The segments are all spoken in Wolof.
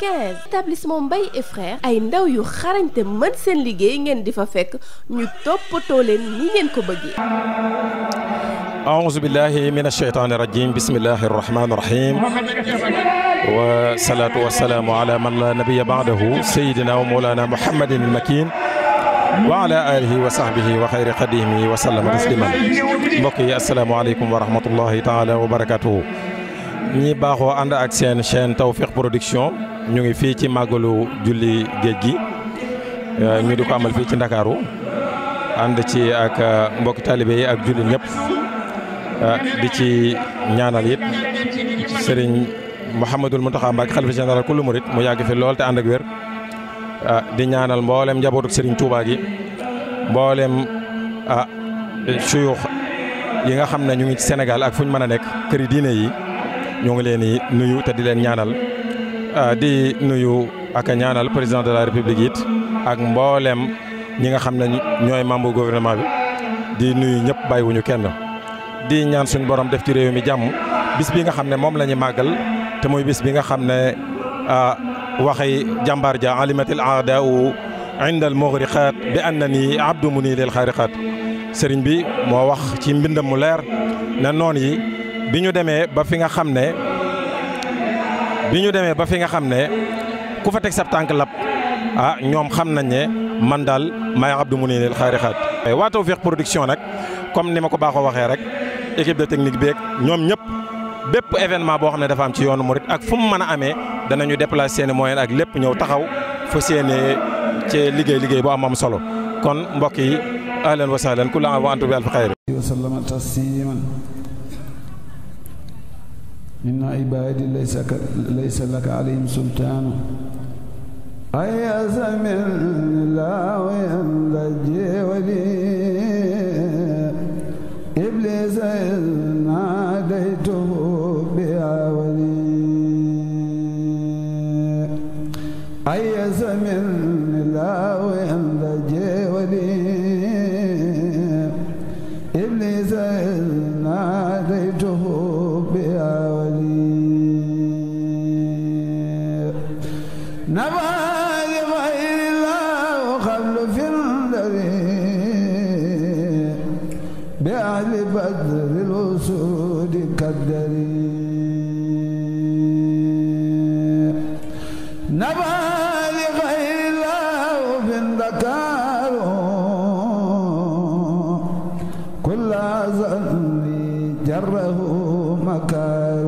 15 établissement Mbaye et frères ay ndaw yu xarañte mën seen liggéey ngeen di fa fekk ñu toppatoo leen ni ngeen ko bëggee aousubillahi min alsheytaani irajim bismillahi arrahmani irrahim wa salaatu wa salaamu ala man la nabiya baadahu sayidina wa moolana muhammadin almakin wa ala alihi wa sahbihi wa xayri xadimi wa sallama tasliman mbokk yi asalaamaaleykum wa rahmatullahi taala wa barakatuhu ñi baaxoo ànd ak seen chaîne Tawfekh Production ñu ngi fii ci màggalu julli géej gi euh, ñu di ko amal fii ci ndakaaru ànd ci ak euh, mbokki taalibe yi ak julli ñëpp euh, di ci ñaanal it sëriñ Mouhamadul Mountakha Mbacké xalifa général kullu murit mu yàgg fi lool te ànd ak wér di ñaanal mboolem njabootu sëriñ tuubaa gi mboolem a suyux yi nga xam ne ñu ngi ci Sénégal ak fu ñu mën a nekk këri diine yi ñoo ngi leen di nuyu te di leen ñaanal. Euh, di nuyu ak a ñaanal président de la république yit ak mboolem ñi nga xam ne ñooy membre gouvernement bi di nuyu ñëpp bàyyiwuñu kenn. di ñaan suñu borom def ci réew mi jàmm bis bi nga xam ne moom la ñu màggal te muy bis bi nga xam ne euh, waxi jàmbaar ja alimatil aada indal mughriqaat bi anna nii abdu mu nii sëriñ bi moo wax ci mbindam mu leer ne noon yi bi ñu demee ba fi nga xam ne. bi ñu demee ba fi nga xam ne ku fa teg sab tànk lab ah ñoom xam nañ ne man daal du maay Abdou Mouniril Khayri Khat. waa Tawfekh production nag comme ni ma ko baaxoo waxee rek équipe de technique beeg ñoom ñëpp bépp événement boo xam ne dafa am ci yoonu murit ak fu mu mën a amee danañu déplacer seeni moyen ak lépp ñëw taxaw fa seeni ci liggéey liggéey bu am am solo kon mbokk yi ahlan wa sahlan kullu am wa antum bi alfi xayri inna ibaadi laysa laka alayhim sultaanu ayasa min laawi la jeewali iblisa naadaytuhu bi awali ayasa min البدر للأسود كالدري نبى لغير الله في الذكار كل ظن جره مكار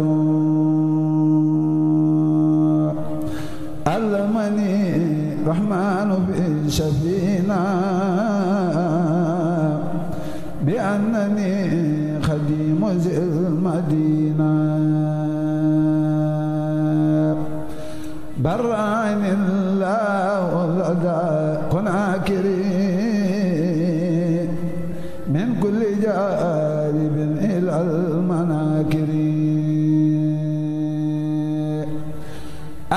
علمني رحمن في شفينا وزئ المدينة برأن الله لدى قناكري من كل جانب إلى المناكر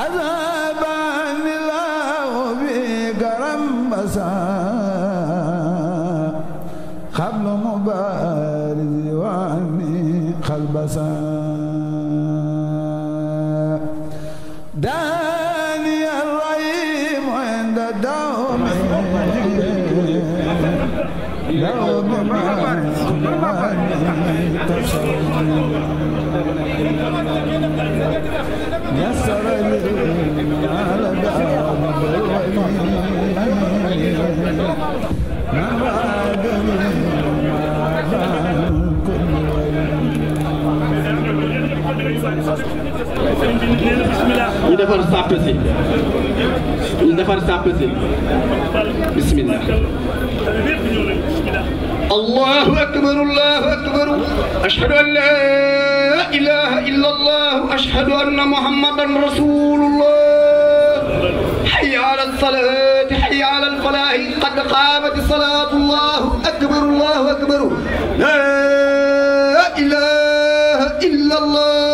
أذهب الله بكرم بصار يشاء داني الرحيم عند دوم دوم ما يسر ñu defar sàpp si ñu defar sàpp si bismillah allahu akbar allahu akbar ashhadu an la ilaha illa allah ashhadu anna muhammadan rasulullah hayya ala salati hayya ala alfalahi qad qamat salatu allahu akbar allahu akbar la ilaha illa allah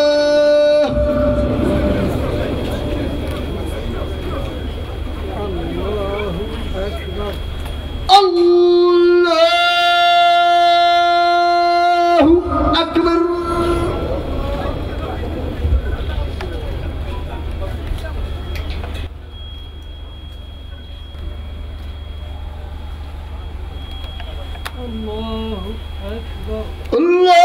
الله أكبر الله